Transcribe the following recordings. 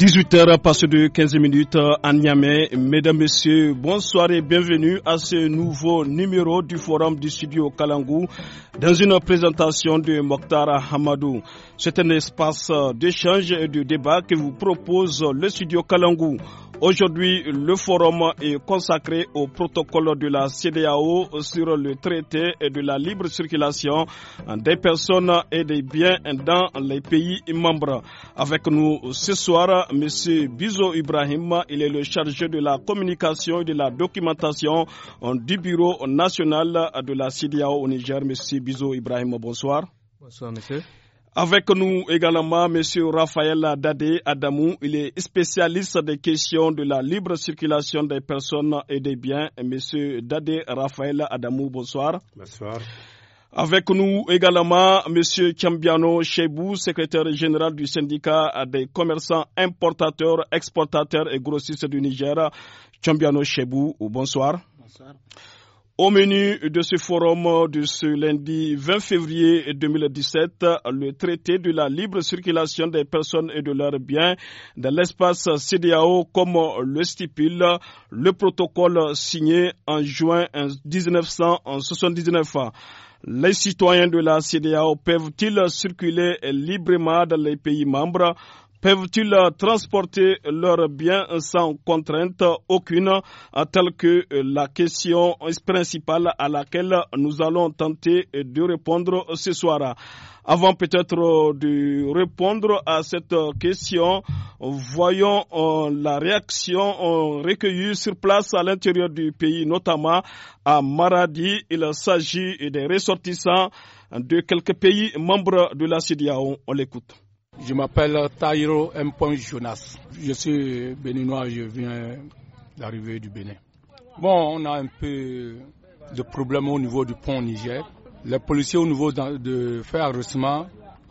18h passé de 15 minutes à Niamey. Mesdames, Messieurs, bonsoir et bienvenue à ce nouveau numéro du Forum du Studio Kalangou dans une présentation de Mokhtar Hamadou. C'est un espace d'échange et de débat que vous propose le Studio Kalangou. Aujourd'hui, le forum est consacré au protocole de la CDAO sur le traité de la libre circulation des personnes et des biens dans les pays membres. Avec nous ce soir, M. Bizo Ibrahim, il est le chargé de la communication et de la documentation du Bureau national de la CDAO au Niger. M. Bizo Ibrahim, bonsoir. Bonsoir, monsieur. Avec nous également Monsieur Raphaël Dadé Adamou, il est spécialiste des questions de la libre circulation des personnes et des biens. M. Dadé Raphaël Adamou, bonsoir. Bonsoir. Avec nous également M. Chambiano Chebou, secrétaire général du syndicat des commerçants importateurs, exportateurs et grossistes du Niger. Chambiano Chebou, bonsoir. Bonsoir. Au menu de ce forum de ce lundi 20 février 2017, le traité de la libre circulation des personnes et de leurs biens dans l'espace CDAO comme le stipule le protocole signé en juin 1979. Les citoyens de la CDAO peuvent-ils circuler librement dans les pays membres peuvent-ils transporter leurs biens sans contrainte aucune, telle que la question principale à laquelle nous allons tenter de répondre ce soir. Avant peut-être de répondre à cette question, voyons euh, la réaction euh, recueillie sur place à l'intérieur du pays, notamment à Maradi. Il s'agit des ressortissants de quelques pays membres de la CDAO. On l'écoute. Je m'appelle Tairo M. Jonas. Je suis béninois, je viens d'arriver du Bénin. Bon, on a un peu de problèmes au niveau du pont Niger. Les policiers au niveau de faire arrêtement,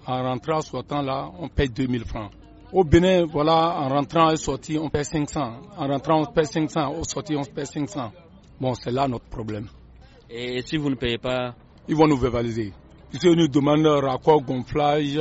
en rentrant, sortant là, on paye 2000 francs. Au Bénin, voilà, en rentrant et sortant, on paye 500. En rentrant, on paye 500. Au sorti, on paye 500. Bon, c'est là notre problème. Et si vous ne payez pas Ils vont nous verbaliser. Ils nous demandent raccord, gonflage,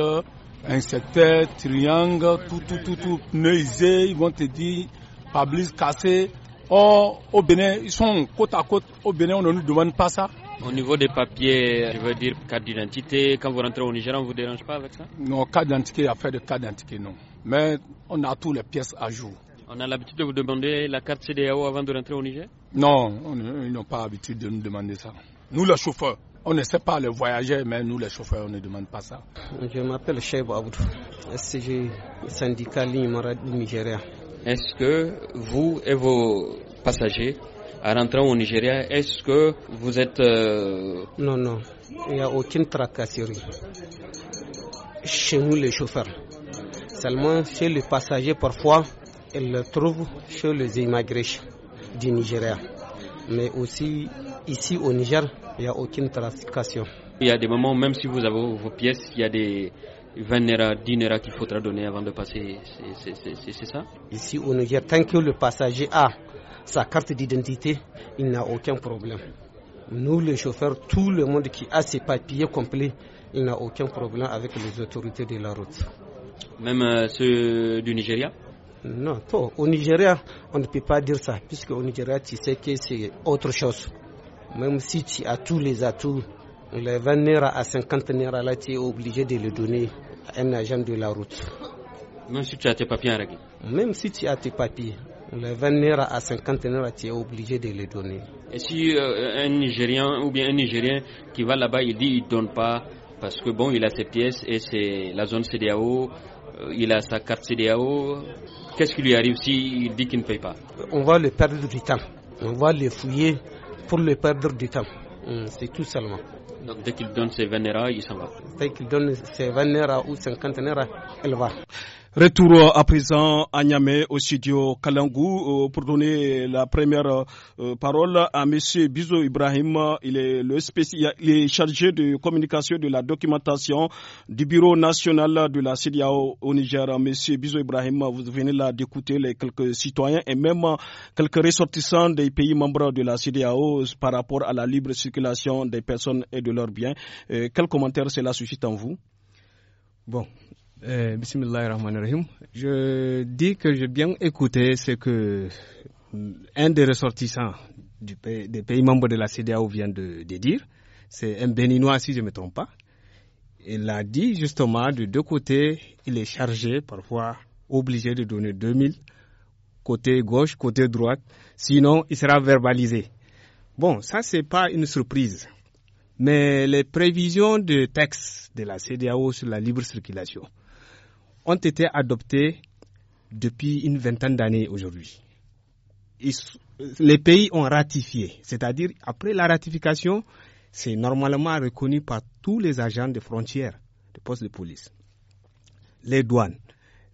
secteur, triangle, tout, tout, tout, tout, pneuisés, ils vont te dire, pablis cassé. Or, au Bénin, ils sont côte à côte. Au Bénin, on ne nous demande pas ça. Au niveau des papiers, je veux dire carte d'identité, quand vous rentrez au Niger, on ne vous dérange pas avec ça Non, carte d'identité, affaire de carte d'identité, non. Mais on a toutes les pièces à jour. On a l'habitude de vous demander la carte CDAO avant de rentrer au Niger Non, ils n'ont pas l'habitude de nous demander ça. Nous, les chauffeurs, on ne sait pas les voyageurs, mais nous, les chauffeurs, on ne demande pas ça. Je m'appelle Cheb Abdou, SCG, syndicat ligne du Nigeria. Est-ce que vous et vos passagers, en rentrant au Nigeria, est-ce que vous êtes... Euh, non, non, il n'y a aucune tracasserie. Chez nous, les chauffeurs. Seulement, chez les passagers, parfois, ils le trouvent chez les immigrés du Nigeria. Mais aussi, ici au Niger, il n'y a aucune trafication. Il y a des moments, même si vous avez vos pièces, il y a des 20 nera, 10 nera qu'il faudra donner avant de passer. C'est ça Ici au Niger, tant que le passager a sa carte d'identité, il n'a aucun problème. Nous, les chauffeurs, tout le monde qui a ses papiers complets, il n'a aucun problème avec les autorités de la route. Même euh, ceux du Nigeria Non, au Nigeria, on ne peut pas dire ça, puisque au Nigeria, tu sais que c'est autre chose. Même si tu as tous les atouts, les 20 à 50 naira, tu es obligé de le donner à un agent de la route. Même si tu as tes papiers en Même si tu as tes papiers. Les 20 à 50 naira, tu es obligé de les donner. Et si euh, un Nigérien ou bien un Nigérien qui va là-bas, il dit il ne donne pas parce que bon, il a ses pièces et c'est la zone CDAO, euh, il a sa carte CDAO. Qu'est-ce qui lui arrive s'il dit qu'il ne paye pas On va le perdre du temps. On va le fouiller pour le perdre du temps. Hmm, c'est tout seulement. Donc dès qu'il donne ses 20 nerfs, il s'en va. Dès qu'il donne ses 20 nerfs ou 50 nerfs, elle va. Retour à présent à Niamey au studio Kalangou euh, pour donner la première euh, parole à Monsieur Bizo Ibrahim. Il est le chargé de communication de la documentation du Bureau national de la CDAO au Niger. Monsieur Bizo Ibrahim, vous venez là d'écouter les quelques citoyens et même quelques ressortissants des pays membres de la CDAO par rapport à la libre circulation des personnes et de leurs biens. Euh, quel commentaire cela suscite en vous? Bon, euh, bismillahirrahmanirrahim. Je dis que j'ai bien écouté ce que un des ressortissants du des pays membres de la CDAO vient de, dire. C'est un Béninois, si je ne me trompe pas. Il a dit justement, de deux côtés, il est chargé, parfois obligé de donner 2000, côté gauche, côté droite, sinon il sera verbalisé. Bon, ça, ce n'est pas une surprise. Mais les prévisions de texte de la CDAO sur la libre circulation, ont été adoptés depuis une vingtaine d'années aujourd'hui. Les pays ont ratifié, c'est-à-dire après la ratification, c'est normalement reconnu par tous les agents de frontières, de postes de police, les douanes,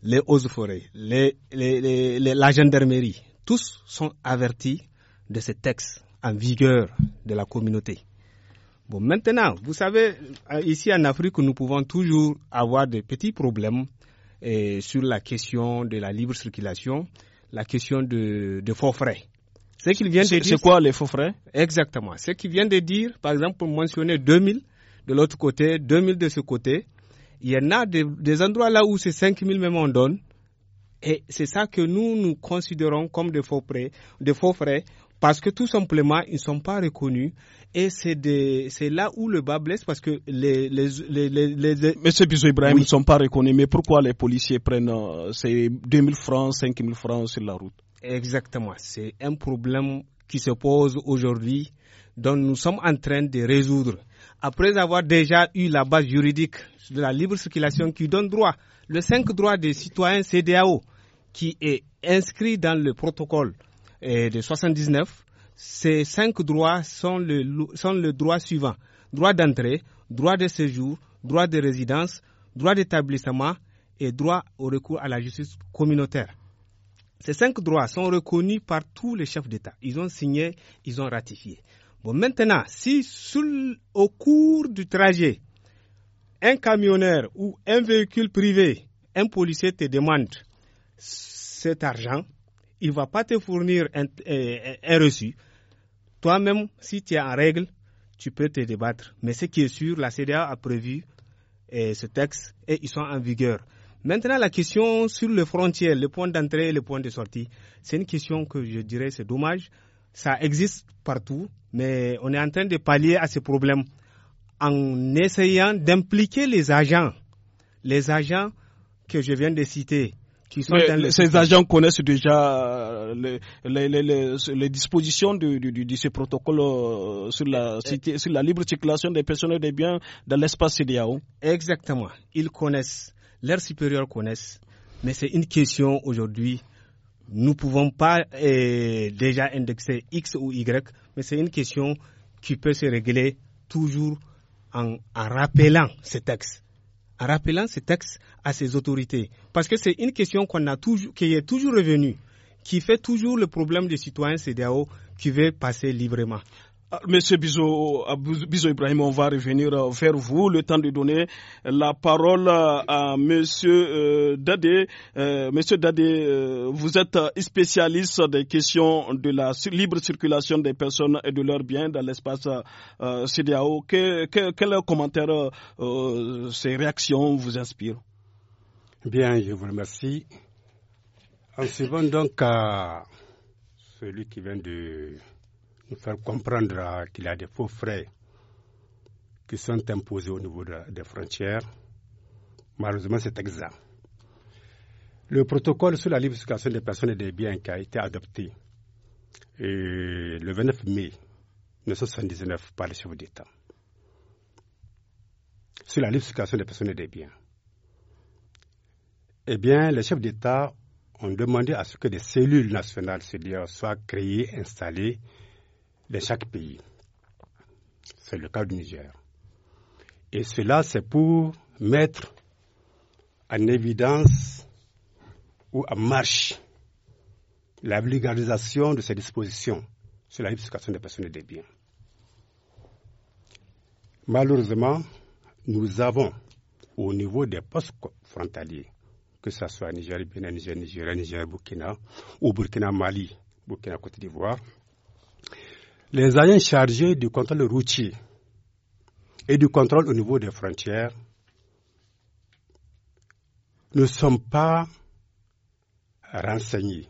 les hauts forêts les, la gendarmerie, tous sont avertis de ce texte en vigueur de la communauté. Bon, maintenant, vous savez, euh, ici en Afrique, nous pouvons toujours avoir des petits problèmes sur la question de la libre circulation, la question de, faux frais. Ce qu'il vient de dire. C'est quoi les faux frais Exactement. Ce qu'il vient de dire, par exemple, pour mentionner 2000 de l'autre côté, 2000 de ce côté, il y en a des, endroits là où c'est 5000 même on donne. Et c'est ça que nous, nous considérons comme des faux frais. Des faux frais parce que tout simplement, ils ne sont pas reconnus. Et c'est là où le bas blesse parce que les. les, Ibrahim ne sont pas reconnus. Mais pourquoi les policiers prennent euh, ces ces 2000 francs, 5000 francs sur la route Exactement. C'est un problème qui se pose aujourd'hui, dont nous sommes en train de résoudre. Après avoir déjà eu la base juridique de la libre circulation qui donne droit, le cinq droit des citoyens CDAO, qui est inscrit dans le protocole et de 79, ces cinq droits sont le, sont le droit suivant droit d'entrée, droit de séjour, droit de résidence, droit d'établissement et droit au recours à la justice communautaire. Ces cinq droits sont reconnus par tous les chefs d'État. Ils ont signé, ils ont ratifié. Bon, maintenant, si au cours du trajet, un camionneur ou un véhicule privé, un policier te demande cet argent, il ne va pas te fournir un, reçu. Toi-même, si tu es en règle, tu peux te débattre. Mais ce qui est sûr, la CDA a prévu ce texte et ils sont en vigueur. Maintenant, la question sur les frontières, le point d'entrée et le point de sortie, c'est une question que je dirais c'est dommage. Ça existe partout, mais on est en train de pallier à ces problèmes en essayant d'impliquer les agents. Les agents que je viens de citer, ces agents connaissent déjà euh, les, dispositions de, ce protocole euh, sur la, eh. sur la libre circulation des personnes et des biens dans l'espace CDAO. Exactement. Ils connaissent, leurs supérieurs connaissent, mais c'est une question aujourd'hui. Nous ne pouvons pas eh, déjà indexer X ou Y, mais c'est une question qui peut se régler toujours en rappelant ces textes en rappelant ces textes à ses autorités. Parce que c'est une question qu'on a toujours, qui est toujours revenue, qui fait toujours le problème des citoyens CDAO qui veulent passer librement. Ah, monsieur bizot ah, Ibrahim, on va revenir euh, vers vous. Le temps de donner euh, la parole euh, à Monsieur Dadé. Monsieur Dadé, vous êtes spécialiste des questions de la libre circulation des personnes et de leurs biens dans l'espace CDAO. quel commentaire ces réactions vous inspirent Bien, je vous remercie. En suivant donc à celui qui vient de nous faire comprendre qu'il y a des faux frais qui sont imposés au niveau des frontières. Malheureusement, c'est exact. Le protocole sur la libre circulation des personnes et des biens qui a été adopté euh, le 29 mai 1979 par les chefs d'État sur la libre circulation des personnes et des biens. Eh bien, les chefs d'État ont demandé à ce que des cellules nationales, soient créées, installées de chaque pays. C'est le cas du Niger. Et cela, c'est pour mettre en évidence ou en marche la vulgarisation de ces dispositions sur la libération des personnes et des biens. Malheureusement, nous avons au niveau des postes frontaliers, que ce soit Niger, Bénin, Niger, Nigeria, Niger, Burkina ou Burkina Mali, Burkina Côte d'Ivoire, les agents chargés du contrôle routier et du contrôle au niveau des frontières ne sont pas renseignés,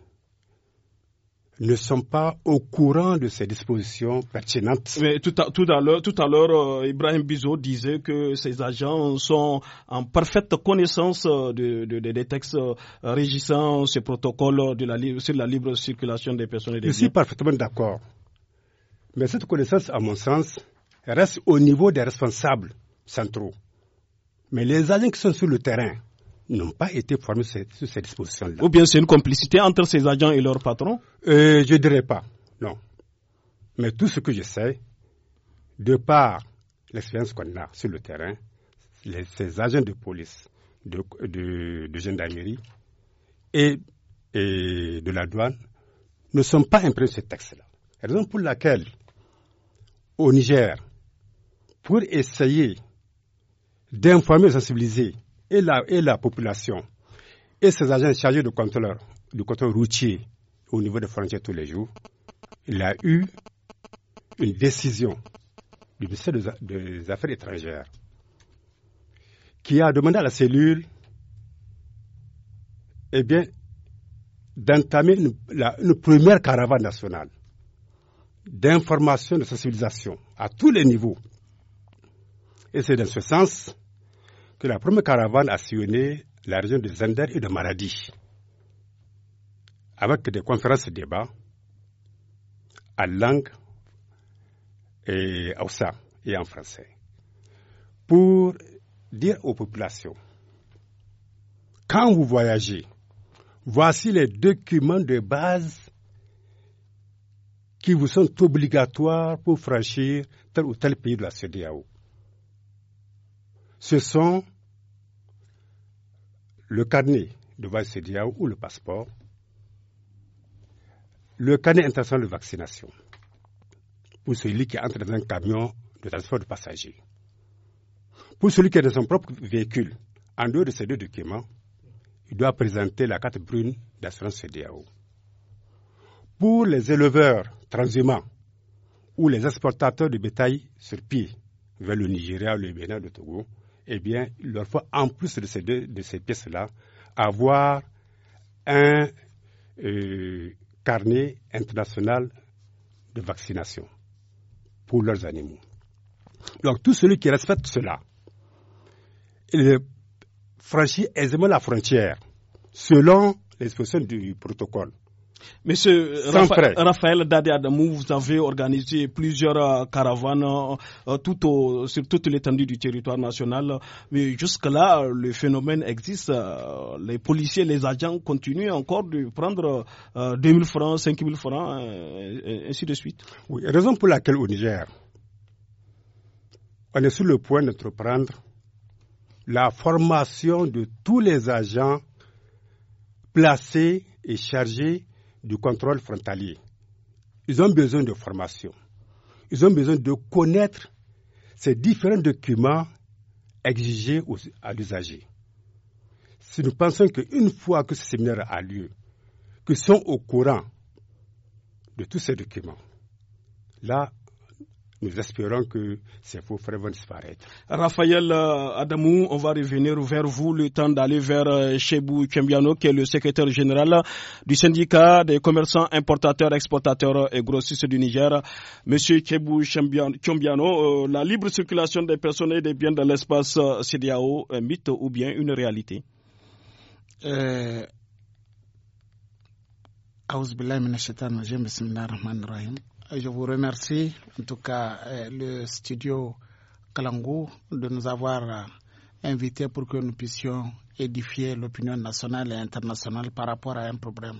ne sont pas au courant de ces dispositions pertinentes. Mais tout à, tout à l'heure, euh, Ibrahim Bizot disait que ces agents sont en parfaite connaissance euh, des textes euh, régissant ce protocole de la, sur la libre circulation des personnes et des biens. Je suis parfaitement d'accord. Mais cette connaissance, à mon sens, reste au niveau des responsables centraux. Mais les agents qui sont sur le terrain n'ont pas été formés sur ces dispositions-là. Ou bien c'est une complicité entre ces agents et leurs patrons euh, Je ne dirais pas, non. Mais tout ce que je sais, de par l'expérience qu'on a sur le terrain, ces agents de police, de, gendarmerie et, de la douane ne sont pas imprimés sur ce texte-là. Raison pour laquelle au Niger pour essayer d'informer et sensibiliser et la, population et ses agents chargés de contrôle du contrôle routier au niveau des frontières tous les jours, il a eu une décision du ministère des Affaires étrangères qui a demandé à la cellule eh bien, d'entamer une, première caravane nationale d'information de sensibilisation à tous les niveaux. Et c'est dans ce sens que la première caravane a sillonné la région de Zender et de Maradi, avec des conférences et débats en langue et et en français, pour dire aux populations, quand vous voyagez, voici les documents de base qui vous sont obligatoires pour franchir tel ou tel pays de la CDAO. Ce sont le carnet de voie CDAO ou le passeport, le carnet international de vaccination pour celui qui entre dans un camion de transport de passagers, pour celui qui est dans son propre véhicule, en dehors de ces deux documents, il doit présenter la carte brune d'assurance CDAO. Pour les éleveurs transhumants ou les exportateurs de bétail sur pied vers le Nigeria, le Bénin, le Togo, eh bien, il leur faut, en plus de ces, deux, de ces pièces-là, avoir un euh, carnet international de vaccination pour leurs animaux. Donc, tout celui qui respecte cela, il franchit aisément la frontière selon l'expression du protocole Monsieur Raphaël Dadi Adamou, vous avez organisé plusieurs euh, caravanes euh, euh, sur toute l'étendue du territoire national. Mais jusque-là, le phénomène existe. Les policiers, les agents continuent encore de prendre 2000 francs, 5000 francs, et ainsi de suite. Oui, raison pour laquelle au Niger, on est sur le point d'entreprendre la formation de tous les agents placés et chargés du contrôle frontalier. Ils ont besoin de formation. Ils ont besoin de connaître ces différents documents exigés à l'usager. Si nous pensons qu'une fois que ce séminaire a lieu, qu'ils sont au courant de tous ces documents, là, nous espérons que ces faux frais vont disparaître. Raphaël euh, Adamou, on va revenir vers vous le temps d'aller vers euh, Chebou Kembiano, qui est le secrétaire général du syndicat des commerçants, importateurs, exportateurs et grossistes du Niger. Monsieur Chebou Kembiano, euh, la libre circulation des personnes et des biens dans l'espace CDAO, un mythe ou bien une réalité euh, je vous remercie, en tout cas euh, le studio Kalangou, de nous avoir euh, invités pour que nous puissions édifier l'opinion nationale et internationale par rapport à un problème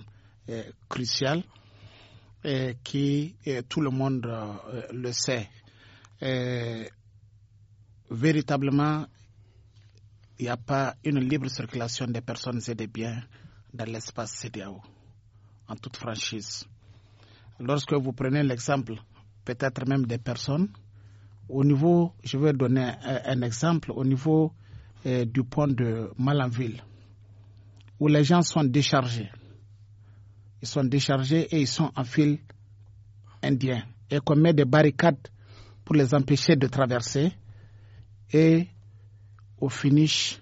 crucial et qui tout le monde le sait. véritablement, il n'y a pas une libre circulation des personnes et des biens dans l'espace CDAO, en toute franchise lorsque vous prenez l'exemple peut-être même des personnes, au niveau, je vais donner un, exemple, au niveau euh, du pont de Malanville, où les gens sont déchargés. Ils sont déchargés et ils sont en fil indien. Et qu'on met des barricades pour les empêcher de traverser. Et au finish,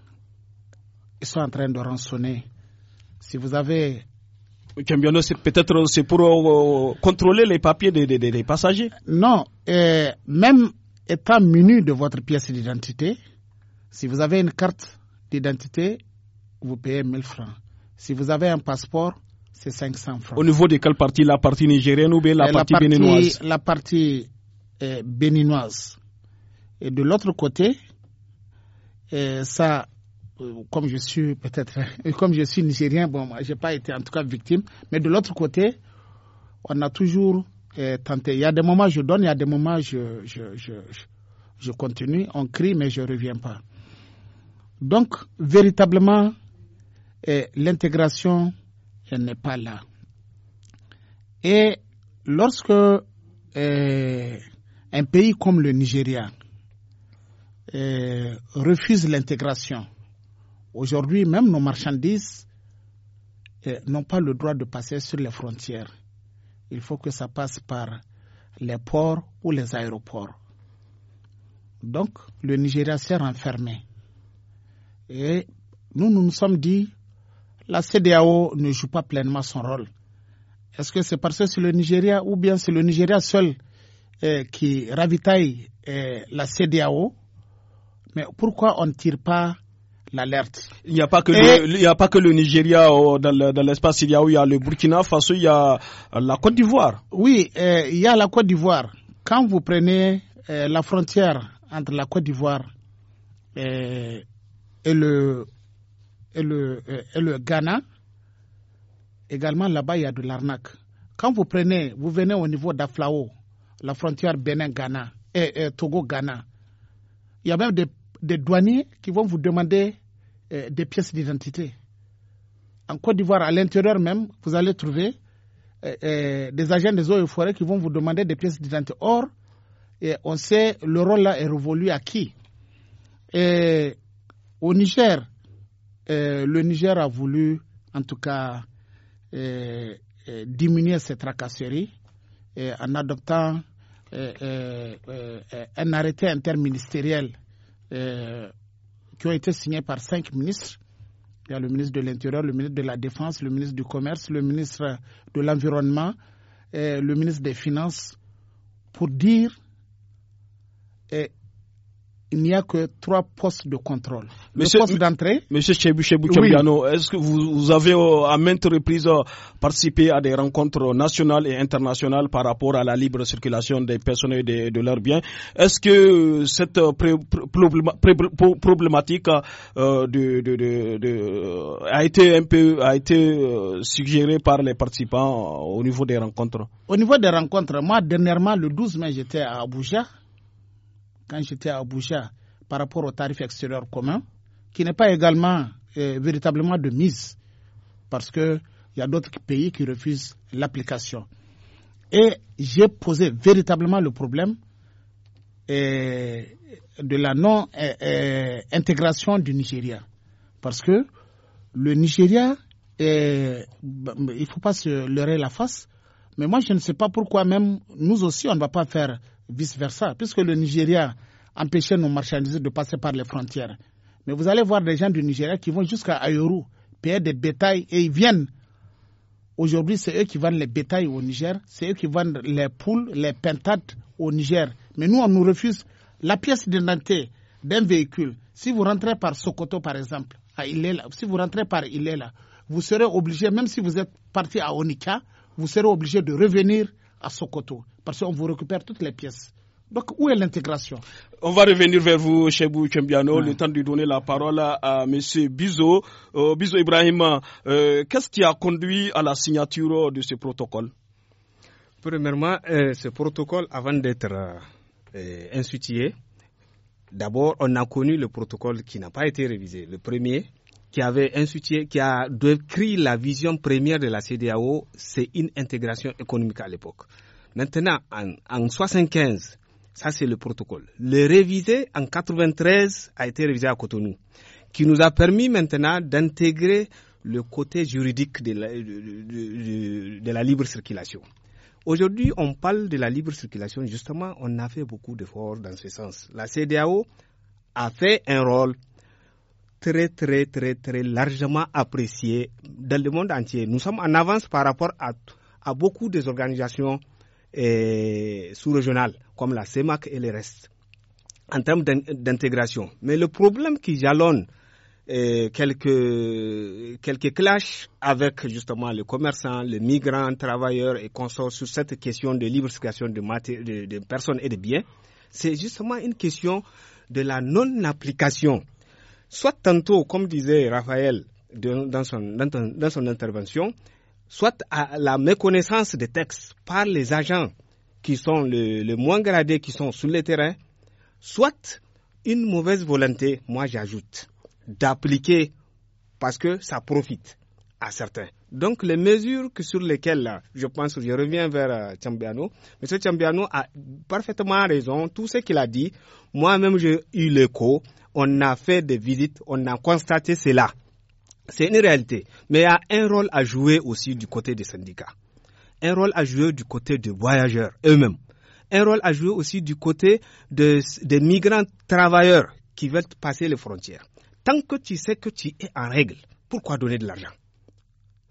ils sont en train de rançonner. Si vous avez c'est peut-être c'est pour euh, contrôler les papiers des, des, des passagers. Non, euh, même étant menu de votre pièce d'identité, si vous avez une carte d'identité, vous payez 1000 francs. Si vous avez un passeport, c'est 500 francs. Au niveau de quelle partie La partie nigérienne ou bien la, euh, partie, la partie béninoise La partie béninoise. Et de l'autre côté, ça euh, comme je suis peut-être, euh, comme je suis nigérien, bon, moi, j'ai pas été en tout cas victime. Mais de l'autre côté, on a toujours euh, tenté. Il y a des moments je donne, il y a des moments je, je, je, continue. On crie, mais je reviens pas. Donc, véritablement, l'intégration l'intégration n'est pas là. Et lorsque un pays comme le Nigeria refuse l'intégration, Aujourd'hui, même nos marchandises eh, n'ont pas le droit de passer sur les frontières. Il faut que ça passe par les ports ou les aéroports. Donc, le Nigeria s'est renfermé. Et nous, nous nous sommes dit, la CDAO ne joue pas pleinement son rôle. Est-ce que c'est parce que c'est le Nigeria ou bien c'est le Nigeria seul eh, qui ravitaille eh, la CDAO Mais pourquoi on ne tire pas l'alerte. Il n'y a pas que le, a pas que le Nigeria euh, dans l'espace il y a où y a le Burkina Faso, il y a euh, la Côte d'Ivoire. Oui, euh, il y a la Côte d'Ivoire. Quand vous prenez la frontière entre la Côte d'Ivoire et, le et le le Ghana, également là-bas il y a de l'arnaque. Quand vous prenez, vous venez au niveau d'Aflao, la frontière Bénin-Ghana et, Togo-Ghana. Il y a même des douaniers qui vont vous demander euh, des pièces d'identité. En Côte d'Ivoire, à l'intérieur même, vous allez trouver euh, euh, des agents des eaux et forêts qui vont vous demander des pièces d'identité. Or, on sait le rôle là est révolu à qui. Et au Niger, le Niger a voulu, en tout cas, diminuer cette tracasseries en adoptant un arrêté interministériel qui ont été signés par cinq ministres. Il y a le ministre de l'Intérieur, le ministre de la Défense, le ministre du Commerce, le ministre de l'Environnement, et le ministre des Finances, pour dire et il n'y a que trois postes de contrôle. Monsieur, le poste d'entrée. Monsieur est-ce que vous, avez euh, à maintes reprises euh, participé à des rencontres nationales et internationales par rapport à la libre circulation des personnes et de, leurs biens Est-ce que cette problématique a été a été euh, suggérée par les participants au niveau des rencontres Au niveau des rencontres, moi dernièrement le 12 mai j'étais à Abuja quand j'étais à Abuja par rapport au tarif extérieur commun, qui n'est pas également euh, véritablement de mise, parce qu'il y a d'autres pays qui refusent l'application. Et j'ai posé véritablement le problème euh, de la non-intégration euh, du Nigeria. Parce que le Nigeria, bah, il ne faut pas se leurrer la face, mais moi je ne sais pas pourquoi même nous aussi on ne va pas faire vice-versa, puisque le Nigeria empêchait nos marchandises de passer par les frontières. Mais vous allez voir des gens du Nigeria qui vont jusqu'à Ayoru, payer des bétails et ils viennent. Aujourd'hui, c'est eux qui vendent les bétails au Niger, c'est eux qui vendent les poules, les pentates au Niger. Mais nous, on nous refuse la pièce d'identité d'un véhicule. Si vous rentrez par Sokoto, par exemple, à Ilela, si vous rentrez par Ilela, vous serez obligé, même si vous êtes parti à Onika, vous serez obligé de revenir à Sokoto, parce qu'on vous récupère toutes les pièces. Donc, où est l'intégration On va revenir vers vous, Chebou Chembiano, le temps de donner la parole à, M. Bizo. Euh, Bizo Ibrahim, euh, qu'est-ce qui a conduit à la signature de ce protocole Premièrement, euh, ce protocole, avant d'être institué, d'abord, on a connu le protocole qui n'a pas été révisé, le premier, qui avait un soutien, qui a décrit la vision première de la CDAO, c'est une intégration économique à l'époque. Maintenant, en, 1975, ça c'est le protocole. Le révisé en 93 a été révisé à Cotonou, qui nous a permis maintenant d'intégrer le côté juridique de la, de la libre circulation. Aujourd'hui, on parle de la libre circulation. Justement, on a fait beaucoup d'efforts dans ce sens. La CDAO a fait un rôle très très très très largement apprécié dans le monde entier. Nous sommes en avance par rapport à, beaucoup des organisations eh, sous-régionales comme la CEMAC et le reste, en termes d'intégration. Mais le problème qui jalonne eh, quelques, quelques clashs avec justement les commerçants, les migrants, travailleurs et consorts sur cette question de libre circulation de personnes et de biens, c'est justement une question de la non-application soit tantôt, comme disait Raphaël dans, son, intervention, soit à la méconnaissance des textes par les agents qui sont les moins gradés, qui sont sur le terrain, soit une mauvaise volonté, moi j'ajoute, d'appliquer parce que ça profite à certains. Donc les mesures sur lesquelles je pense, je reviens vers euh, Chambiano, M. Chambiano a parfaitement raison, tout ce qu'il a dit, moi-même j'ai eu l'écho, on a fait des visites, on a constaté cela. C'est une réalité, mais il y a un rôle à jouer aussi du côté des syndicats, un rôle à jouer du côté des voyageurs eux-mêmes, un rôle à jouer aussi du côté des migrants travailleurs qui veulent passer les frontières. Tant que tu sais que tu es en règle, pourquoi donner de l'argent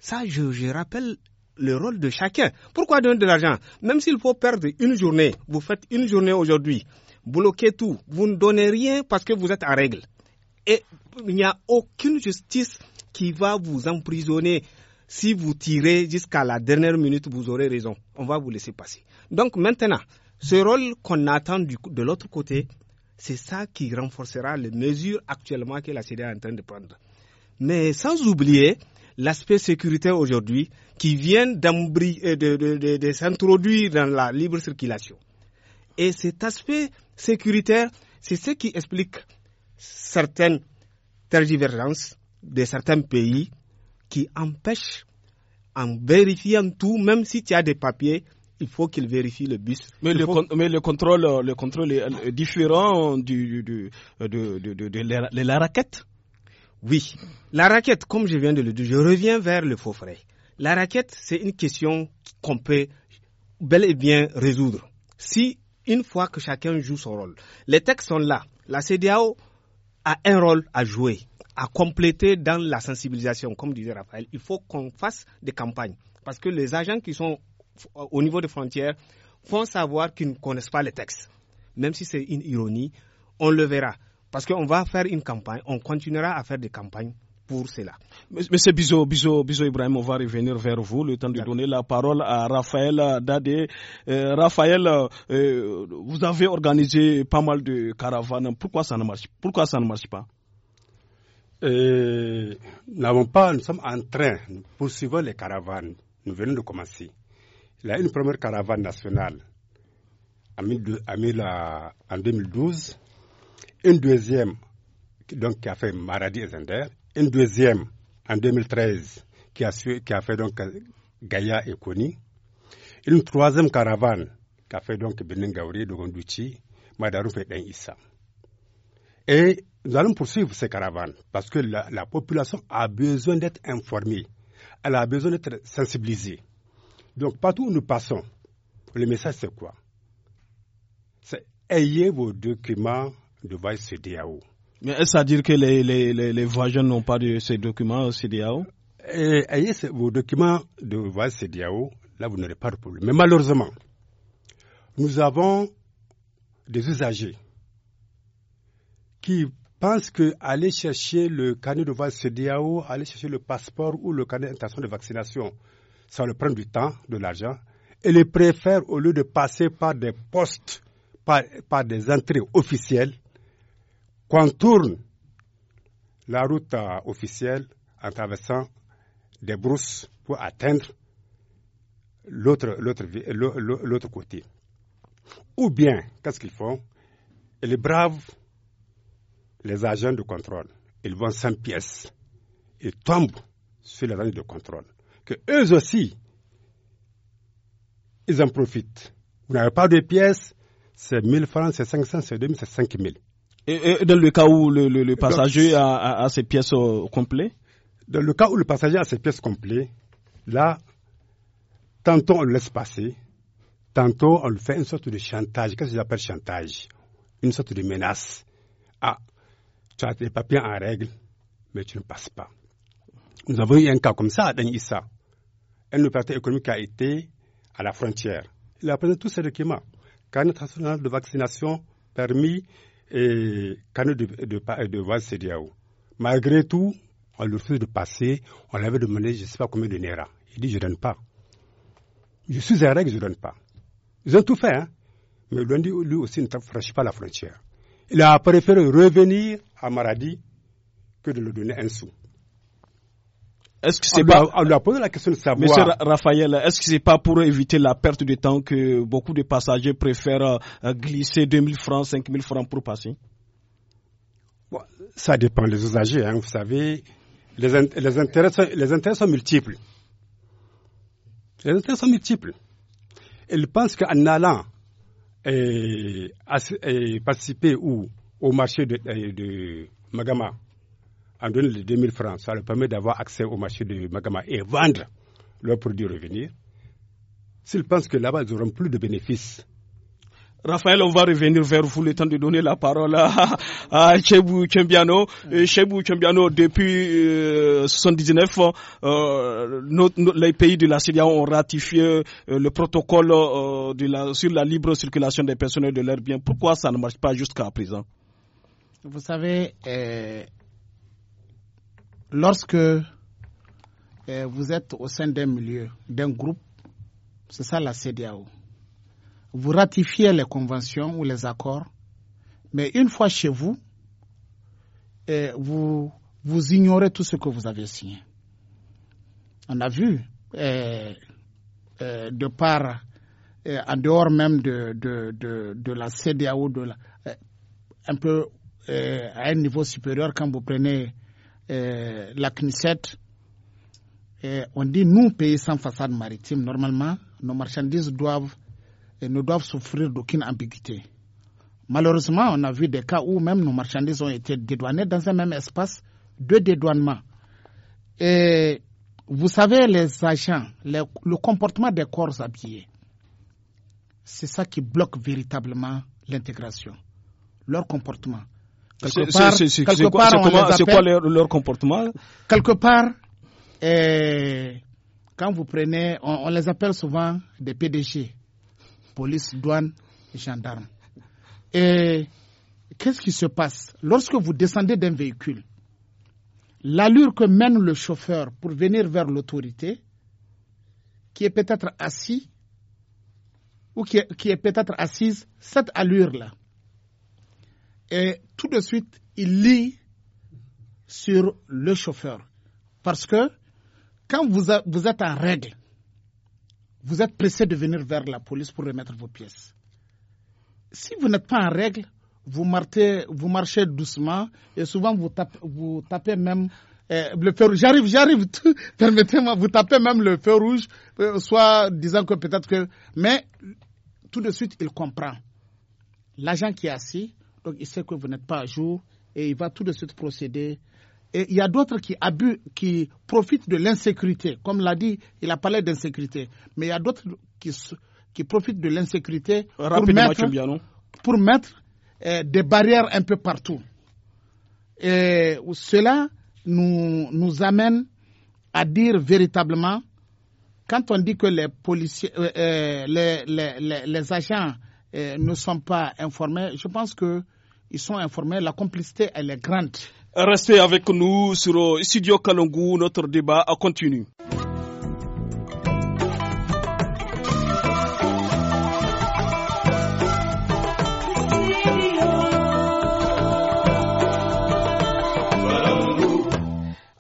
ça, je, rappelle le rôle de chacun. Pourquoi donner de l'argent Même s'il faut perdre une journée, vous faites une journée aujourd'hui, bloquez tout, vous ne donnez rien parce que vous êtes en règle. Et il n'y a aucune justice qui va vous emprisonner. Si vous tirez jusqu'à la dernière minute, vous aurez raison. On va vous laisser passer. Donc maintenant, ce rôle qu'on attend de l'autre côté, c'est ça qui renforcera les mesures actuellement que la CDA est en train de prendre. Mais sans oublier l'aspect sécuritaire aujourd'hui qui vient euh, de, de, s'introduire dans la libre circulation. Et cet aspect sécuritaire, c'est ce qui explique certaines divergences de certains pays qui empêchent, en vérifiant tout, même si tu as des papiers, il faut qu'ils vérifient le bus. Mais, le, mais le, contrôle, euh, le contrôle est euh, différent du, de, de, la raquette oui, la raquette, comme je viens de le dire, je reviens vers le faux frais. La raquette, c'est une question qu'on peut bel et bien résoudre. Si, une fois que chacun joue son rôle, les textes sont là, la CDAO a un rôle à jouer, à compléter dans la sensibilisation. Comme disait Raphaël, il faut qu'on fasse des campagnes. Parce que les agents qui sont au niveau des frontières font savoir qu'ils ne connaissent pas les textes. Même si c'est une ironie, on le verra. Parce qu'on va faire une campagne, on continuera à faire des campagnes pour cela. Monsieur Bizo, Biso, Ibrahim, on va revenir vers vous, le temps de donner la parole à Raphaël Dadé. Euh, Raphaël, euh, vous avez organisé pas mal de caravanes. Pourquoi ça ne marche, pourquoi ça ne marche pas Nous euh, n'avons pas, nous sommes en train, de poursuivre les caravanes. Nous venons de commencer. Il y a une première caravane nationale en 2012 une deuxième donc, qui a fait Maradi et Zender, une deuxième en 2013 qui a, fait donc Gaïa et Koni, une troisième caravane qui a fait donc Benin Gauri, Dogonduchi, Madarouf et Ben Issa. Et nous allons poursuivre ces caravanes parce que la, la population a besoin d'être informée, elle a besoin d'être sensibilisée. Donc partout où nous passons, le message c'est quoi C'est ayez vos documents de CDAO. Mais est-ce à dire que les, les, voyageurs n'ont pas de ces documents au CDAO eh, Ayez vos documents de CDAO, là vous n'aurez pas de problème. Mais malheureusement, nous avons des usagers qui pensent qu'aller chercher le carnet de voyage CDAO, aller chercher le passeport ou le carnet d'intention de vaccination, ça leur prend du temps, de l'argent, et les préfèrent au lieu de passer par des postes, par des entrées officielles, qu'on tourne la route euh, officielle en traversant des brousses pour atteindre l'autre côté. Ou bien, qu'est-ce qu'ils font Ils bravent les agents de contrôle. Ils vont sans pièces. Ils tombent sur les agents de contrôle. Que eux aussi, ils en profitent. Vous n'avez pas de pièces, c'est 1000 francs, c'est 500, c'est 2000, c'est 5000. Et, dans le cas où le, passager a, ses pièces complets, euh, complètes Dans le cas où le passager a ses pièces complètes, là, tantôt on le laisse passer, tantôt on le fait une sorte de chantage. Qu'est-ce que j'appelle chantage Une sorte de menace. Ah, tu as tes papiers en règle, mais tu ne passes pas. Nous avons eu un cas comme ça à Denissa. Un opérateur économique a été à la frontière. Il a présenté tous ses documents. Carnet national de vaccination, permis, et canot de, de, de, de Malgré tout, on leur refuse de passer. On l'avait demandé, je ne sais pas combien de Nera. Il dit, je ne donne pas. Je suis un règle, je ne donne pas. Ils ont tout fait, hein. Mais lui aussi, ne franchit pas la frontière. Il a préféré revenir à Maradi que de lui donner un sou. Est-ce que c'est pas. on lui a posé la question de savoir. Monsieur Raphaël, est-ce que c'est pas pour éviter la perte de temps que beaucoup de passagers préfèrent euh, glisser 2000 francs, 5000 francs pour passer Ça dépend des usagers, hein, vous savez. Les, intérêts sont, multiples. Les intérêts sont multiples. Ils pensent qu'en allant euh, euh, participer au marché de Magama en donnant les 2000 francs, ça leur permet d'avoir accès au marché du Magama et vendre leurs produits revenir. S'ils pensent que là-bas, ils n'auront plus de bénéfices, Raphaël, on va revenir vers vous le temps de donner la parole à, Chebu Chembiano. Euh, Chebu depuis 1979, 79, euh, euh les pays de la Syria ont ratifié euh, le protocole sur la libre circulation des personnes et de leurs biens. Pourquoi ça ne marche pas jusqu'à présent Vous savez, lorsque euh, vous êtes au sein d'un milieu, d'un groupe, c'est ça la CDAO. Vous ratifiez les conventions ou les accords, mais une fois chez vous, euh, vous, vous ignorez tout ce que vous avez signé. On a vu, euh, de par, en dehors même de, de, la CDAO, de la, un peu à un niveau supérieur, quand vous prenez eh, la CNICET, eh, on dit nous, pays sans façade maritime, normalement, nos marchandises doivent, et eh, ne doivent souffrir d'aucune ambiguïté. Malheureusement, on a vu des cas où même nos marchandises ont été dédouanées dans un même espace de dédouanement. Et vous savez, les agents, le comportement des corps habillés, c'est ça qui bloque véritablement l'intégration, leur comportement. Quelque part, c'est quoi, leur, comportement Quelque part, quand vous prenez, on, les appelle souvent des PDG, police, douane et gendarme. Et qu'est-ce qui se passe Lorsque vous descendez d'un véhicule, l'allure que mène le chauffeur pour venir vers l'autorité, qui est peut-être assis ou qui est peut-être assise, cette allure-là, et tout de suite, il lit sur le chauffeur. Parce que quand vous, vous êtes en règle, vous êtes pressé de venir vers la police pour remettre vos pièces. Si vous n'êtes pas en règle, vous marchez, vous marchez doucement et souvent vous tapez, vous tapez même euh, le feu rouge. J'arrive, j'arrive, permettez-moi, vous tapez même le feu rouge, euh, soit disant que peut-être que. Mais tout de suite, il comprend. L'agent qui est assis il sait que vous n'êtes pas à jour et il va tout de suite procéder. Et il y a d'autres qui abusent, qui profitent de l'insécurité. Comme l'a dit, il a parlé d'insécurité. Mais il y a d'autres qui, qui profitent de l'insécurité pour mettre, eh, des barrières un peu partout. Et cela nous, nous amène à dire véritablement, quand on dit que les policiers, euh, euh, les, agents eh, ne sont pas informés, je pense que ils sont informés. La complicité, elle est grande. Restez avec nous sur Studio Kalongu. Notre débat a continué.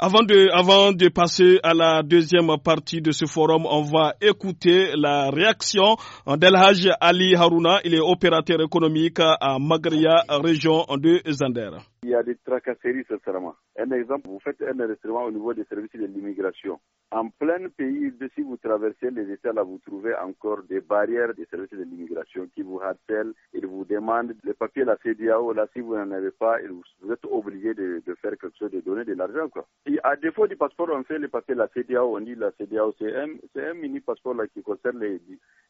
Avant de, avant de passer à la deuxième partie de ce forum, on va écouter la réaction d'Elhaj Ali Haruna. Il est opérateur économique à Magria, région de Zander il y a des tracasseries, sincèrement. Un exemple, vous faites un restaurant au niveau des services de l'immigration. En plein pays, si vous traversez les États, là, vous trouvez encore des barrières des services de l'immigration qui vous harcèlent. Ils vous demandent les papiers, la CDAO, là, si vous n'en avez pas, vous êtes obligé de, faire quelque chose, de donner de l'argent, quoi. Et à défaut du passeport, on fait les papiers, la CDAO, on dit la CDAO, c'est un, mini-passeport, qui concerne les,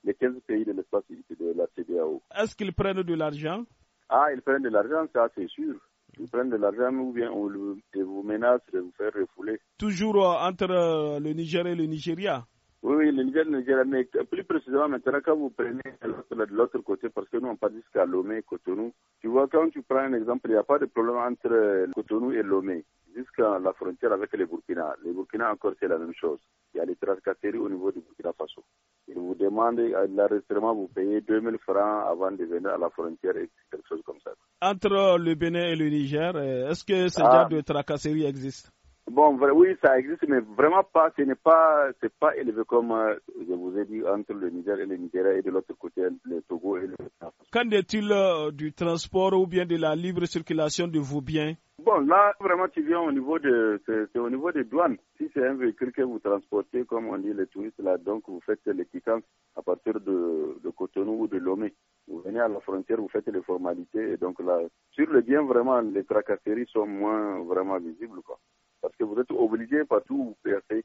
les 15 pays de l'espace de la CDAO. Est-ce qu'ils prennent de l'argent? Ah, ils prennent de l'argent, ça, c'est sûr. Vous prennent de l'argent ou bien vous menace de vous faire refouler. Toujours euh, entre euh, le Niger et le Nigeria Oui, le Niger et le Nigeria. Mais plus précisément, maintenant, quand vous prenez de l'autre côté, parce que nous, on passe jusqu'à Lomé et Cotonou, tu vois, quand tu prends un exemple, il n'y a pas de problème entre euh, Cotonou et Lomé jusqu'à la frontière avec les Burkina. Les Burkina encore c'est la même chose. Il y a des tracasseries au niveau du Burkina Faso. Ils vous demandent l'arrestement, vous payez 2000 francs avant de venir à la frontière et quelque chose comme ça. Entre le Bénin et le Niger, euh, est-ce que ce ah. de tracasserie existe Bon, oui, ça existe, mais vraiment pas. Ce n'est pas, c'est pas élevé comme euh, je vous ai dit entre le Niger et le Nigeria et de l'autre côté le Togo et le. Qu'en est-il euh, du transport ou bien de la libre circulation de vos biens Bon, là, vraiment, tu viens au niveau de, c'est au niveau des douanes. Si c'est un véhicule que vous transportez, comme on dit les touristes là, donc vous faites les quittances à partir de, Cotonou ou de Lomé. Vous venez à la frontière, vous faites les formalités, et donc là, sur le bien, vraiment, les tracasseries sont moins vraiment visibles, quoi. Parce que vous êtes obligé partout où vous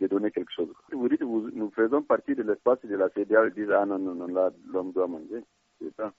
de donner quelque chose. Vous dites, nous faisons partie de l'espace de la CDA, ils disent, ah non, non, non, là, l'homme doit manger. C'est ça.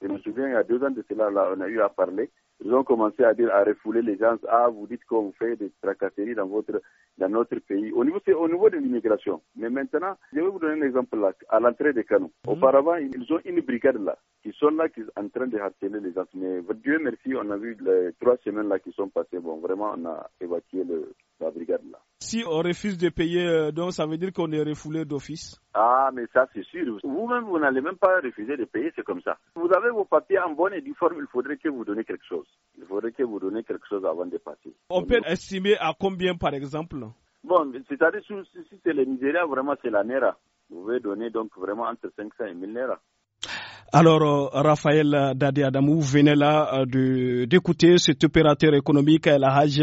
Je me souviens, il y a deux ans de cela, là, on a eu à parler ils ont commencé à dire, à refouler les gens. Ah, vous dites qu'on fait des tracasseries dans votre, dans notre pays. Au niveau, c'est au niveau de l'immigration. Mais maintenant, je vais vous donner un exemple là, à l'entrée des canons. Mhm. Auparavant, ils ont une brigade là, qui sont là, qui sont en train de harceler les gens. Mais Dieu merci, on a vu les trois semaines là qui sont passées. Bon, vraiment, on a évacué le, brigade là. Si on refuse de payer, euh, donc ça veut dire qu'on est refoulé d'office Ah, mais ça c'est sûr. Vous-même, vous, n'allez même pas refuser de payer, c'est comme ça. Vous avez vos papiers en bonne et due forme, il faudrait que vous donniez quelque chose. Il faudrait que vous donniez quelque chose avant de passer. On peut estimer à combien par exemple Bon, c'est-à-dire si, si c'est le Nigeria, vraiment c'est la Nera. Vous pouvez donner donc vraiment entre 500 et 1000 Nera. Alors, euh, Raphaël Dadi Adamou, venez là euh, d'écouter cet opérateur économique, la Hajj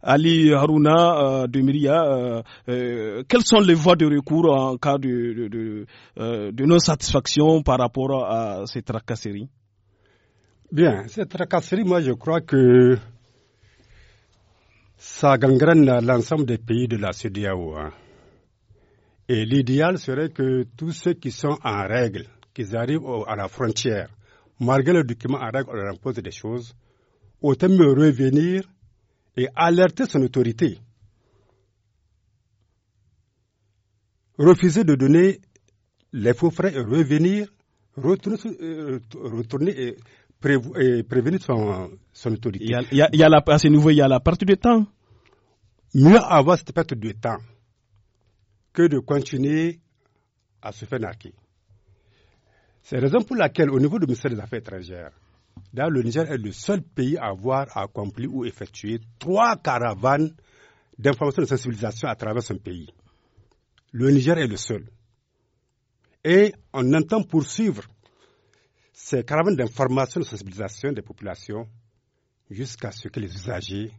Ali Haruna euh, de Myria. quelles sont les voies de recours en cas de, de, non-satisfaction par rapport à ces tracasseries Bien, ces tracasseries, moi je crois que ça gangrène l'ensemble des pays de la CDAO. Hein. Et l'idéal serait que tous ceux qui sont en règle qu'ils arrivent à la frontière, malgré le document en règle, on leur impose des choses, autant mieux revenir et alerter son autorité. Refuser de donner les faux frais et revenir, retourner, euh, et, prévenir son, autorité. Il y a, la, à ce niveau, il y a la partie de temps. Mieux avoir cette perte de temps que de continuer à se faire narquer. C'est la raison pour laquelle, au niveau du ministère des Affaires étrangères, le Niger est le seul pays à avoir accompli ou effectué trois caravanes d'information et de sensibilisation à travers son pays. Le Niger est le seul. Et on entend poursuivre ces caravanes d'information et de sensibilisation des populations jusqu'à ce que les usagers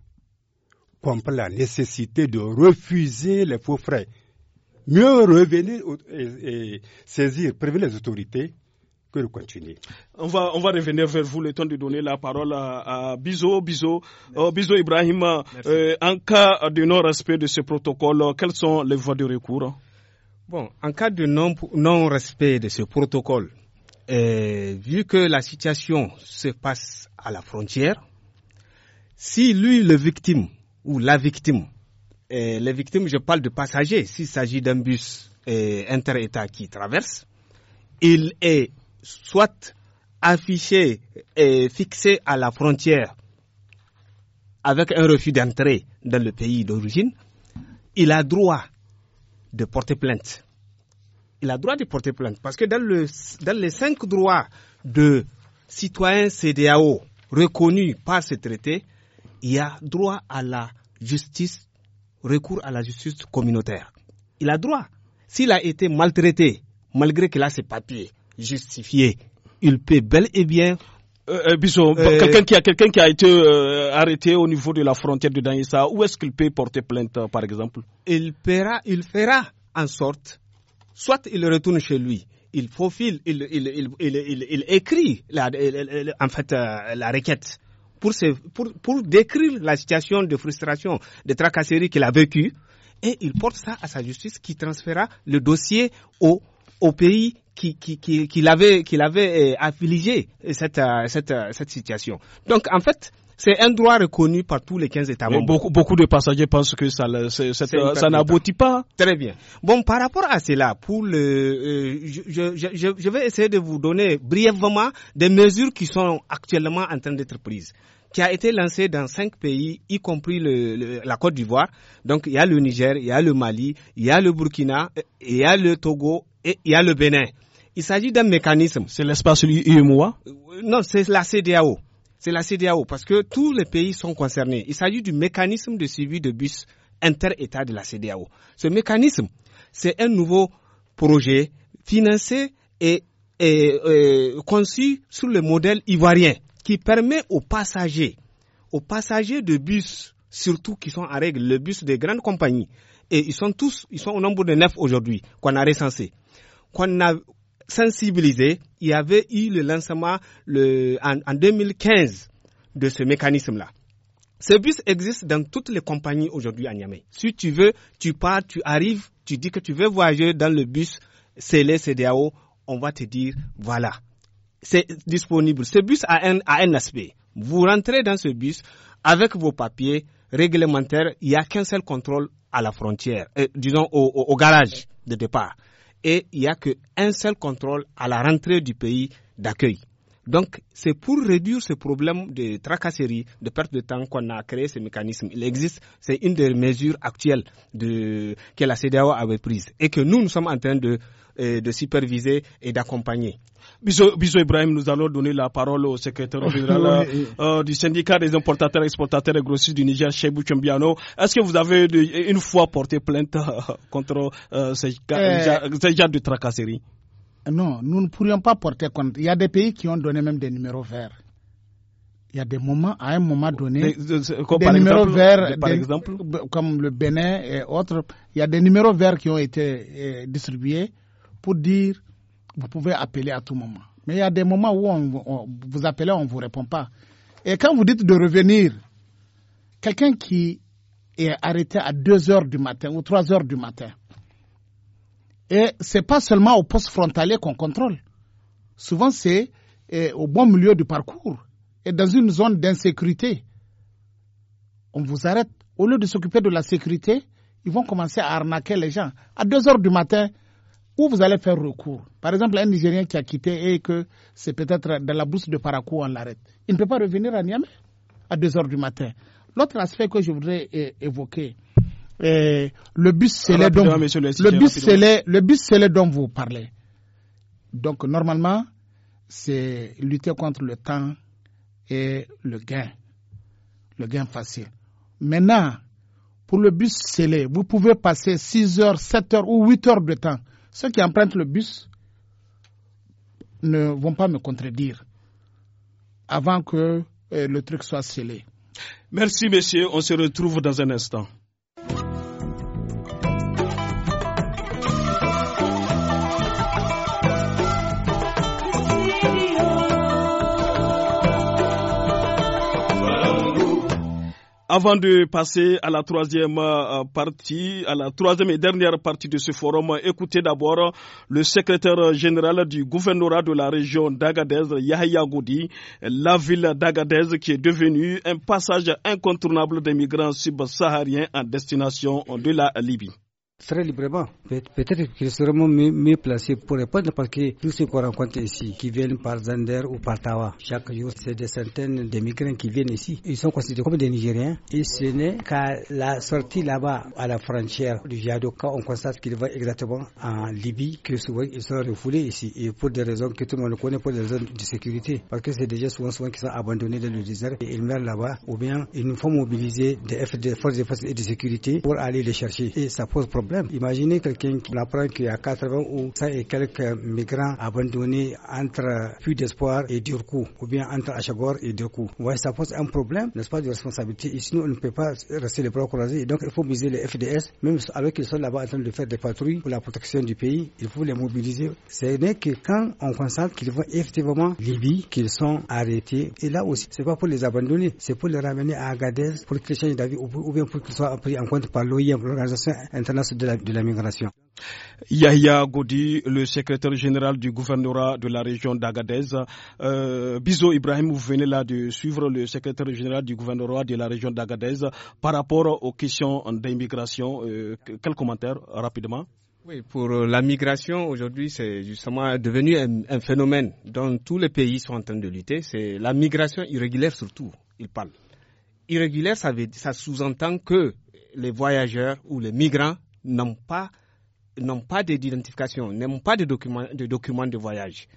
comprennent la nécessité de refuser les faux frais. Mieux revenir et saisir, prévenir les autorités que de continuer. On va, on va revenir vers vous le temps de donner la parole à, Bizo. Bizo, euh, Bizo Ibrahim, euh, en cas de non-respect de ce protocole, quelles sont les voies de recours Bon, en cas de non-respect de ce protocole, euh, vu que la situation se passe à la frontière, si lui, le victime, ou la victime, les victimes, je parle de passagers, s'il s'agit d'un bus inter-État qui traverse, il est soit affiché et fixé à la frontière avec un refus d'entrée dans le pays d'origine, il a droit de porter plainte. Il a droit de porter plainte parce que dans, dans les cinq droits de citoyens CDAO reconnus par ce traité, il y a droit à la justice, recours à la justice communautaire. Il a droit. S'il a été maltraité, malgré qu'il a ses papiers, justifié. Il peut bel et bien euh, euh, euh quelqu'un qui a quelqu'un qui a été euh, arrêté au niveau de la frontière de Danissa, où est-ce qu'il peut porter plainte, par exemple Il paiera, il fera en sorte, soit il retourne chez lui, il profile, il, il, écrit la, en fait la requête pour, pour, pour, décrire la situation de frustration, de tracasserie qu'il a vécue, et il porte ça à sa justice qui transférera le dossier au au pays qui, qui, qui, qui l'avait, qui l'avait euh, euh, cette, euh, cette, cette situation. Donc, en fait, c'est un droit reconnu par tous les 15 États membres. Beaucoup, beaucoup de passagers pensent que ça, ça n'aboutit pas. Très bien. Bon, par rapport à cela, pour le, je, je, vais essayer de vous donner brièvement des mesures qui sont actuellement en train d'être prises qui a été lancées dans cinq pays, y compris le, le, la Côte d'Ivoire. Donc il y a le Niger, il y a le Mali, il y a le Burkina, il y a le Togo et il y a le Bénin. Il s'agit d'un mécanisme. C'est l'espace UEMOA Non, c'est la CDAO. C'est la CDAO parce que tous les pays sont concernés. Il s'agit du mécanisme de suivi de bus inter-État de la CDAO. Ce mécanisme, c'est un nouveau projet financé et, euh, conçu sur le modèle ivoirien qui permet aux passagers, aux passagers de bus, surtout qui sont à règle, le bus des grandes compagnies, et ils sont tous, ils sont au nombre de neuf aujourd'hui qu'on a recensé qu'on a sensibilisé, il y avait eu le lancement en, 2015 de ce mécanisme-là. Ce bus existe dans toutes les compagnies aujourd'hui à Niamey. Si tu veux, tu pars, tu arrives, tu dis que tu veux voyager dans le bus c'est CDAO, on va te dire voilà, c'est disponible. Ce bus a un, aspect. Vous rentrez dans ce bus avec vos papiers réglementaires, il n'y a qu'un seul contrôle à la frontière, euh, disons au garage de départ et il n'y a qu'un seul contrôle à la rentrée du pays d'accueil. Donc, c'est pour réduire ce problème de tracasserie, de perte de temps qu'on a créé ce mécanisme. Il existe, c'est une des mesures actuelles que la CDAO avait prise et que nous, nous sommes en train de de superviser et d'accompagner. Bisous Ibrahim, nous allons donner la parole au secrétaire général euh, euh, du syndicat des importateurs, exportateurs et grossistes du Niger, Chebou Est-ce que vous avez une fois porté plainte euh, contre ces, gens de tracasserie Non, nous ne pourrions pas porter contre. Il y a des pays qui ont donné même des numéros verts il y a des moments, à un moment donné, des, numéros verts, par exemple. comme le Bénin et autres, il y a des numéros verts qui ont été distribués pour dire vous pouvez appeler à tout moment. Mais il y a des moments où on, vous appelez, on ne vous répond pas. Et quand vous dites de revenir, quelqu'un qui est arrêté à 2 heures du matin ou 3 heures du matin, et ce n'est pas seulement au poste frontalier qu'on contrôle. Souvent, c'est eh, au bon milieu du parcours et dans une zone d'insécurité. On vous arrête. Au lieu de s'occuper de la sécurité, ils vont commencer à arnaquer les gens. À 2 heures du matin, où vous allez faire recours. Par exemple, un Nigérien qui a quitté et que c'est peut-être dans la bourse de Parakou, on l'arrête. Il ne peut pas revenir à Niamey à 2 heures du matin. L'autre aspect que je voudrais eh, évoquer, eh, le bus scellé dont, dont, vous parlez. Donc, normalement, c'est lutter contre le temps et le gain, le gain facile. Maintenant, pour le bus scellé, vous pouvez passer 6 heures, 7 heures ou 8 heures de temps ceux qui empruntent le bus ne vont pas me contredire avant que euh, le truc soit scellé. Merci, messieurs. On se retrouve dans un instant. Avant de passer à la troisième euh, partie, à la troisième et dernière partie de ce forum, écoutez d'abord le secrétaire général du gouvernorat de la région d'Agadez, Yahya Goudi, la ville d'Agadez qui est devenue un passage incontournable des migrants subsahariens en destination de la Libye très librement. Peut-être qu'ils seront mieux, mieux, placés pour répondre parce que tous ceux qu'on rencontre ici, qui viennent par Zander ou par Tawa, chaque jour, c'est des centaines de migrants qui viennent ici. Ils sont considérés comme des Nigériens et ce n'est qu'à la sortie là-bas, à la frontière du Jadoka, on constate qu'ils vont exactement en Libye, que souvent ils sont refoulés ici et pour des raisons que tout le monde connaît, pour des raisons de sécurité. Parce que c'est déjà souvent, souvent qui sont abandonnés dans le désert et ils meurent là-bas ou bien il nous faut mobiliser des, forces de et de sécurité pour aller les chercher et ça pose problème. Imaginez quelqu'un qui apprend qu'il y a 80 ou 100 et quelques migrants abandonnés entre Puy d'Espoir et Durkou, ou bien entre Achagor et Durkou. ça pose un problème, n'est-ce pas, de responsabilité. Ici, nous, on ne peut pas rester les bras croisés. Donc, il faut miser les FDS, même alors qu'ils sont là-bas en train de faire des patrouilles pour la protection du pays. Il faut les mobiliser. Ce n'est que quand on constate qu'ils vont effectivement Libye qu'ils sont arrêtés. Et là aussi, c'est pas pour les abandonner, c'est pour les ramener à Agadez, pour qu'ils changent d'avis ou bien pour qu'ils soient pris en compte par l'OIM, l'Organisation internationale de la, migration. Yahya Gaudi, le secrétaire général du gouvernorat de la région d'Agadez. Euh, Ibrahim, vous venez là de suivre le secrétaire général du gouvernorat de la région d'Agadez par rapport aux questions d'immigration. Euh, quel commentaire rapidement oui, pour euh, la migration, aujourd'hui, c'est justement devenu un, phénomène dont tous les pays sont en train de lutter. C'est la migration irrégulière surtout, il parle. Irrégulière, ça, ça sous-entend que les voyageurs ou les migrants n'ont pas d'identification, n'ont pas de documents de, voyage.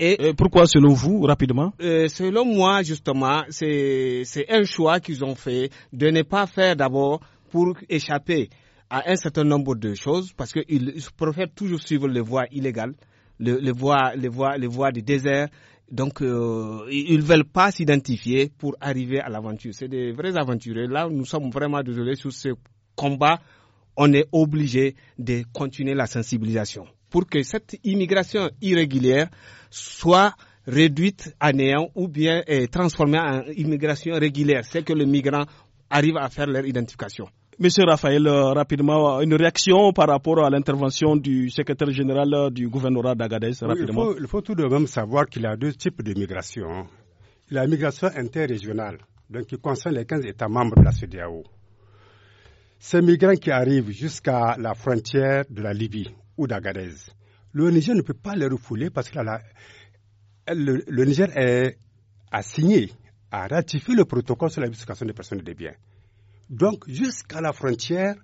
Et, pourquoi, selon vous, rapidement euh, Selon moi, justement, c'est un choix qu'ils ont fait de ne pas faire d'abord pour échapper à un certain nombre de choses, parce qu'ils préfèrent toujours suivre les voies illégales, les, voies, les, voies, du désert. Donc, euh, ils ne veulent pas s'identifier pour arriver à l'aventure. C'est des vrais aventuriers. Là, nous sommes vraiment désolés sur ce combat on est obligé de continuer la sensibilisation pour que cette immigration irrégulière soit réduite à néant ou bien euh, transformée en immigration régulière, c'est que le migrant arrive à faire leur identification. Monsieur Raphaël, euh, rapidement, euh, une réaction par rapport à l'intervention du secrétaire général du gouvernement d'Agadez. rapidement. il, faut, tout de même savoir qu'il y a deux types de migration. Hein. La migration interrégionale, donc qui concerne les 15 États membres de la CDAO. Ces migrants qui arrivent jusqu'à la frontière de la Libye ou d'Agadez, le Niger ne peut pas les refouler parce que le, Niger est, a signé, a ratifié le protocole sur la des personnes et des biens. Donc, jusqu'à la frontière,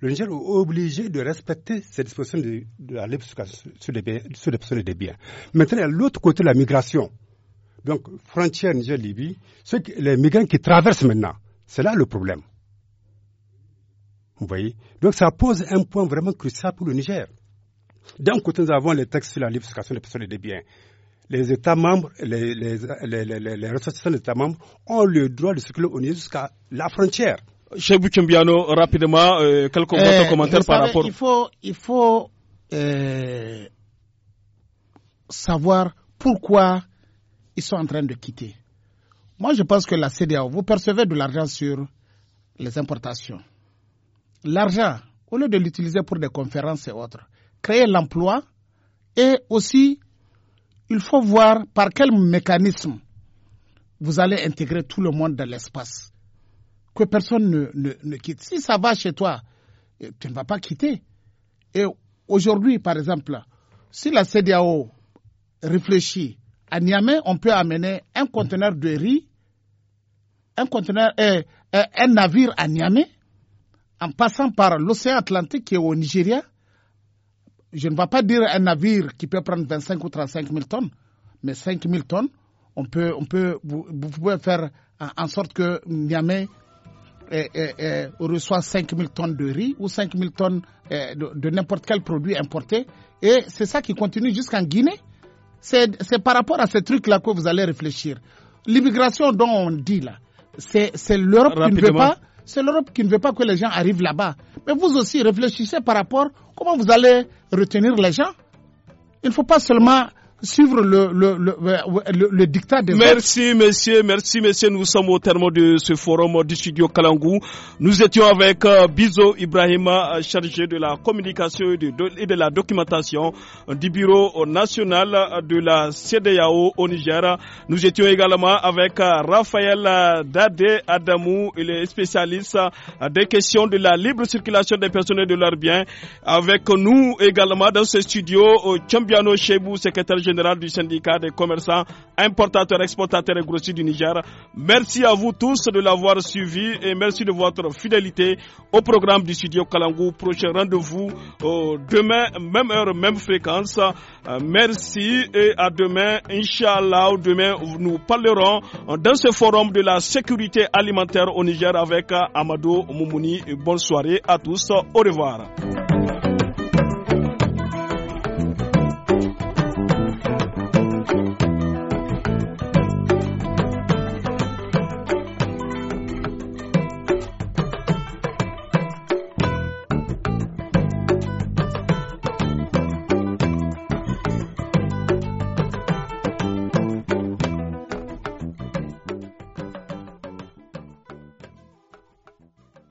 le Niger est obligé de respecter ces disposition de, la sur les personnes et des biens. Maintenant, à l'autre côté de la migration, donc frontière Niger-Libye, les migrants qui traversent maintenant, c'est là le problème. Vous voyez Donc ça pose un point vraiment crucial pour le Niger. D'un côté, nous avons les textes sur la libre circulation des personnes et des biens. Les États membres, les, les, ressortissants des États membres ont le droit de circuler au Niger jusqu'à la frontière. Chez Buchimbiano, rapidement, euh, quelques eh, commentaires par rapport. Il faut, euh, savoir pourquoi ils sont en train de quitter. Moi, je pense que la CDAO, vous percevez de l'argent sur les importations l'argent, au lieu de l'utiliser pour des conférences et autres, créer l'emploi et aussi, il faut voir par quel mécanisme vous allez intégrer tout le monde dans l'espace. Que personne ne, quitte. Si ça va chez toi, euh, tu ne vas pas quitter. Et aujourd'hui, par exemple, si la CDAO réfléchit, à Niamey, on peut amener un conteneur de riz, un, euh, euh, un navire à Niamey, en passant par l'océan Atlantique qui est au Nigeria, je ne vais pas dire un navire qui peut prendre 25 ou 35 000 tonnes, mais 5 000 tonnes, on peut, on peut, vous, pouvez faire en sorte que Niamey eh, eh, eh, reçoit 5 000 tonnes de riz ou 5 000 tonnes de, de n'importe quel produit importé. Et c'est ça qui continue jusqu'en Guinée. C'est par rapport à ces trucs-là que vous allez réfléchir. L'immigration dont on dit là, c'est l'Europe qui ne veut pas c'est l'Europe qui ne veut pas que les gens arrivent là-bas. Mais vous aussi, réfléchissez par rapport à comment vous allez retenir les gens. Il ne faut pas seulement suivre le, dictat Merci, messieurs, merci, messieurs. Nous sommes au terme de ce forum du studio Kalangou. Nous étions avec euh, Bizo Ibrahima, euh, chargé de la communication et de, la documentation du bureau national de la CDAO au Niger. Nous étions également avec euh, Raphaël Dade Adamou, il est spécialiste des questions de la libre circulation des personnes et de leurs biens. Avec nous également dans ce studio, Chambiano Chebou, secrétaire général général du syndicat des commerçants, importateurs, exportateurs et grossiers du Niger. Merci à vous tous de l'avoir suivi et merci de votre fidélité au programme du studio Kalangou. Prochain rendez-vous euh, demain, même heure, même fréquence. Euh, merci et à demain, Inch'Allah. Demain, nous parlerons dans ce forum de la sécurité alimentaire au Niger avec Amadou Moumouni. Bonne soirée à tous. Au revoir.